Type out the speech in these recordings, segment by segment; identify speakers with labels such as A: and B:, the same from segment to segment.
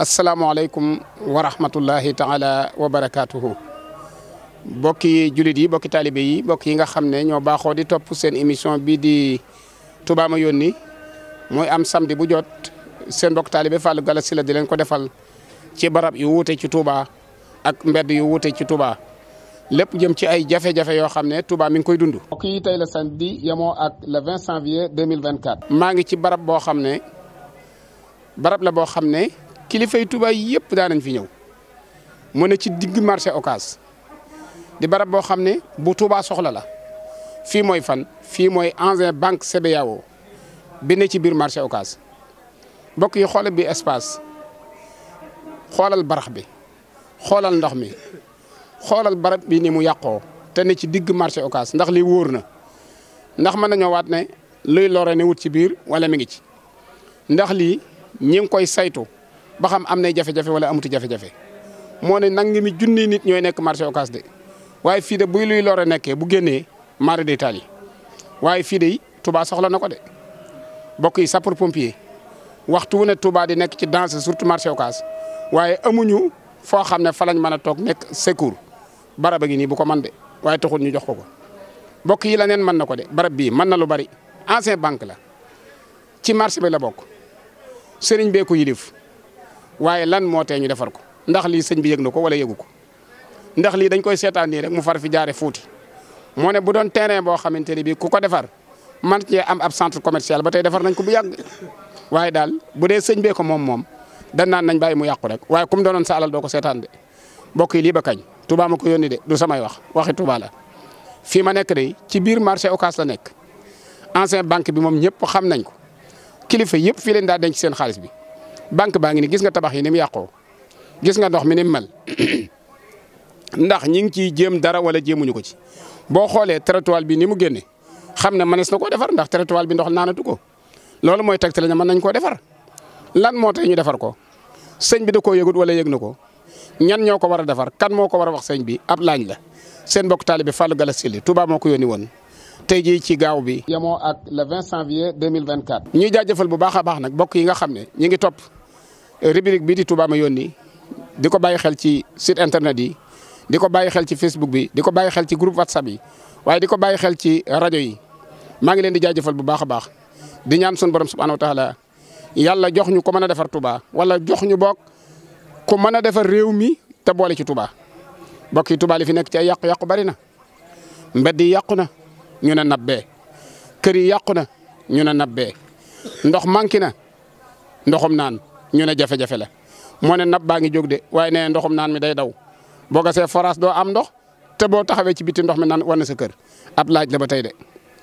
A: asalaamualeykum wa rahmatullahi taala wa barakaatuhu bokki jullit yi bokki taalibe yi bokk yi nga xam ne ñoo baaxoo di topp seen émission bii di Touba ma yónni mooy am samdi bu jot seen bokk taalibe Fallou Galass Sylla di leen ko defal ci barab yu wuute ci Touba ak mbedd yu wuute ci Touba lépp jëm ci ay jafe-jafe yoo xam ne Touba mi ngi koy dund. mbokk yi tey la samedi yemoo ak le maa ngi ci barab boo xam ne barab la boo xam ne. kilifay Touba yëpp daanañ fi ñëw mu ne ci digg marché Ocass di barab boo xam ne bu Touba soxla la fii mooy fan fii mooy ancien banque CBAO bi ne ci biir marché Ocass mbokk yi xoolal bi espace xoolal barax bi xoolal ndox mi xoolal barab bi ni mu yàqoo te ne ci digg marché Ocass ndax li wóor na ndax mën nañoo waat ne luy lore ne wut ci biir wala mi ngi ci ndax lii ñi ngi koy saytu. ba xam am nay jafe-jafe wala amuti jafe-jafe moo ne nangi mi junni nit ñooy nekk marché Ocass de waaye fii de buy luy lore nekkee bu génnee mara day taal waaye fii de tubaa soxla na ko de bokk yi sapeur pompier waxtu wu ne tubaa di nekk ci danse surtout marché Ocass waaye amuñu foo xam ne fa lañ mën a toog nekk secours barab a ngi nii bu ko man de waaye taxul ñu jox ko ko bokk yi la neen mën na ko de bara bii mën na lu bari ancien banque la ci marché bi la bokk sëriñ bee ko waaye lan moo tee ñu defar ko ndax lii sëñ bi yëg na ko wala yëgu ko ndax lii dañ koy seetaan nii rek mu far fi jaare fuuti moo ne bu doon terrain boo xamante ne bii ku ko defar man cee am ab centre commercial ba tey defar nañ ko bu yàgg waaye daal bu dee sëñ bee ko moom moom dan naan nañ bàyyi mu yàqu rek waaye kum doonoon sa doo ko seetaan de bokk yi lii ba kañ Touba ma ko yónni de du samay wax waxi Touba la fii ma nekk de ci biir marché Ocass la nekk ancien banque bi moom ñëpp xam nañ ko kilifa yëpp fii leen daa denc seen xaalis bi banque baa ngi ni gis nga tabax yi ni mu yàqoo gis nga ndox mi ni mu ndax ñi ngi ciy jéem dara wala jéemuñu ko ci boo xoolee trottoir bi ni mu génne xam ne mënees na koo defar ndax trottoir bi ndox naanatu ko loolu mooy tegtale ne mën nañ koo defar lan moo te ñu defar ko sëñ bi da koo yëgut wala yëg na ko ñan ñoo ko war a defar kan moo ko war a wax sëñ bi ab laañ la seen bokk taalibe Fallou Galass Syll Touba moo ko yónni woon te jii ci gaaw bi. yemoo ak le 20 janvier 2024. ñuy jaajëfal bu baax a baax nag bokk yi nga xam ne ñu ngi topp. rubrique bii di Touba ma yónni di ko bàyyi xel ci site internet yi di ko bàyyi xel ci Facebook bi di ko bàyyi xel ci groupe WhatsApp yi waaye di ko bàyyi xel ci rajo yi maa ngi leen di jaajëfal bu baax a baax di ñaan suñu borom subhanahu wa taala yàlla jox ñu ko mën a defar tubaa wala jox ñu boog ku mën a defar réew mi te boole ci tubaa mbokk yi Touba li fi nekk ci a yàqu-yàqu bari na mbedd yi yàqu na ñu ne nabbee kër yi yàqu na ñu nab bee ndox manqué na ndoxum naan. ñu ne jafe-jafe la moo ne nab baa ngi jóg de waaye ne ndoxum naan mi day daw boo gasee forage doo am ndox te boo taxawee ci biti ndox mi naan war na sa kër ab laaj la ba tey de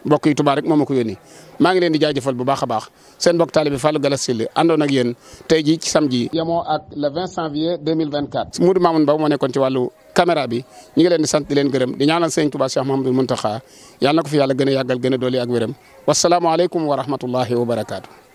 A: mbokk yi Touba rek moo ma ko yónni maa ngi leen di jaajëfal bu baax a baax seen mbokk taalibe Fallou Galass Syll àndoon ak yéen tey jii ci samedi. yemoo ak le 20 janvier 2024. Moudou Mamoun Ba moo nekkoon ci wàllu caméra bi ñu leen di sant di leen gërëm di ñaanal sëñ Touba Cheikh Mouhamadou Mountakha yàlla na ko yàlla gën a yàggal gën a doole ak wéram wasalaamualeykum wa rahmatullahi wa barakaatu.